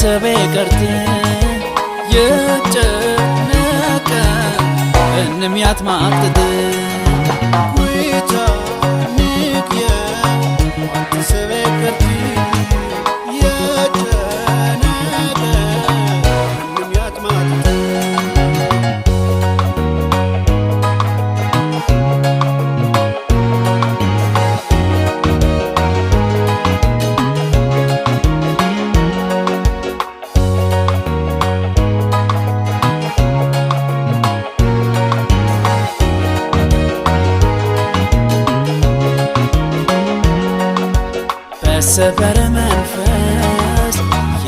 ቤተሰቤ ቀርቴ የጨነቀ እንምያት ማአትት ዊታ ንቅየ ቤተሰቤ ቀርቲ የሰበረ መንፈስ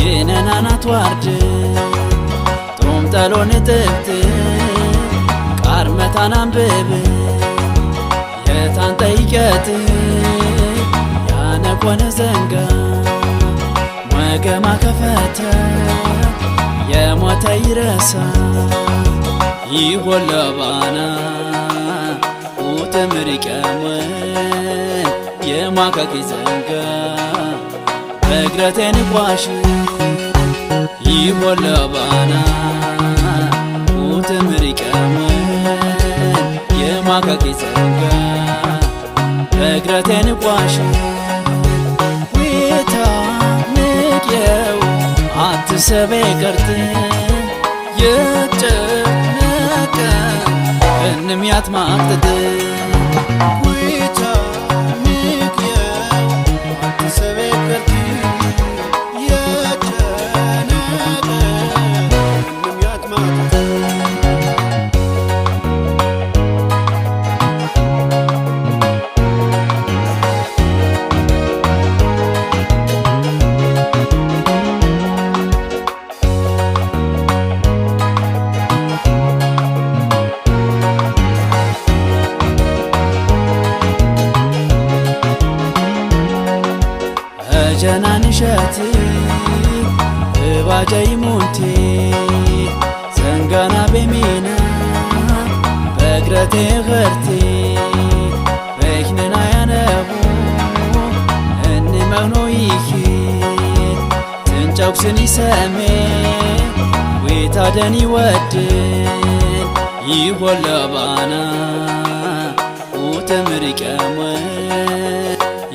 የነናናት ዋርድ ጦምጠሎ ንጥብት ቃርመታን አንብብ የታን ጠይቀት ያነኮነ ዘንጋ መገማ ከፈተ የሞተ ይረሳ ይሆለባና ውትምሪቀም የማከኪ ዘንጋ እግረቴን ቋሽ ይቦለባና ውትምሪቀመ የማካቂ ጸጋ እግረቴን ቋሽ ዊታ ንቄው አትሰቤ ቀርት የጨነቀ እንም ያትማቅትት Bajai monte sangana bemina begrate gerte behnena yanabu enni magno ihi tinchauksini seme wetadeni wadin ይሆለባና ኡተምሪቀመ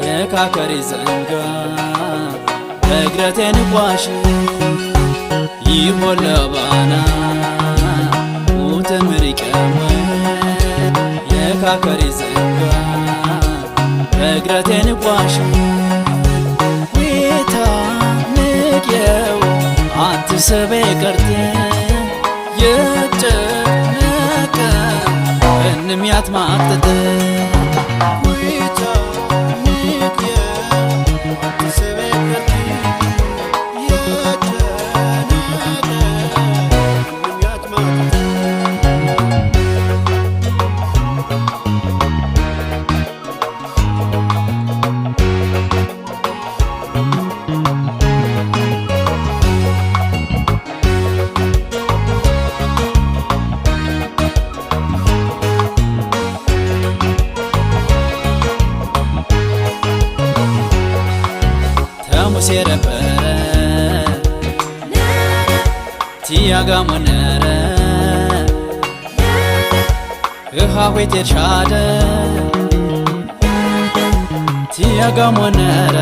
የካከሪ ዘንጋ እግረቴን ቋሽ ይሆን ለባና ሙተምሪቀወ የካከሪ ዘንጋ እግረቴን ቋሽ ጌታ ንቄው አትስቤ ቀርቴ የጨነቀ እንም ያትማቅጥተ ጋሞነረ እሃዌት የርሻደ ቲያ ጋሞነረ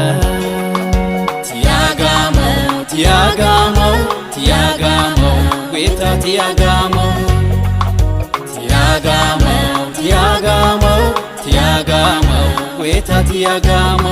ጌታ ቲያጋሞ ቲያጋሞ ቲያጋሞ ቲያጋሞ ጌታ ቲያጋሞ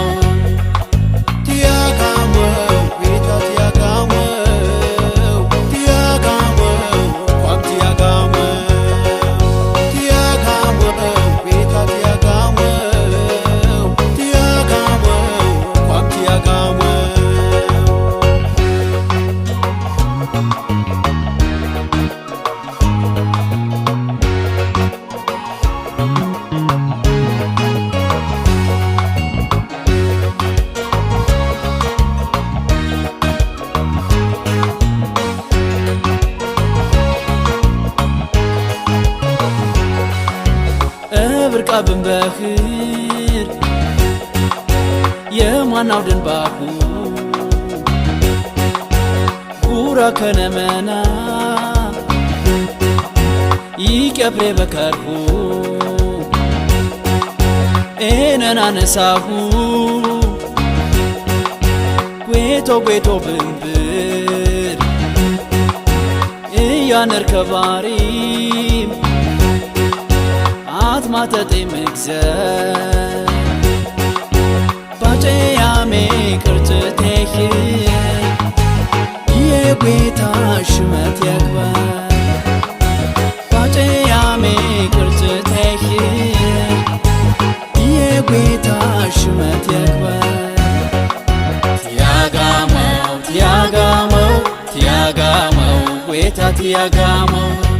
ጠባብን በክር የማናው ደንባኩ ጉራ ከነመና ይቀብሬ በከርሁ ኤነን አነሳሁ ጌቶ ጌቶ ብንብር እያነርከባሪ ማተጤ መግዘብ ባጨያሜ ቅርጭቴህ የጌታ ሽመት የግበር ባጨያሜ ቅርጭቴህ የጌታ ሽመት የግበር ትያጋመው ትያጋመው ትያጋመው ጌታ ትያጋመው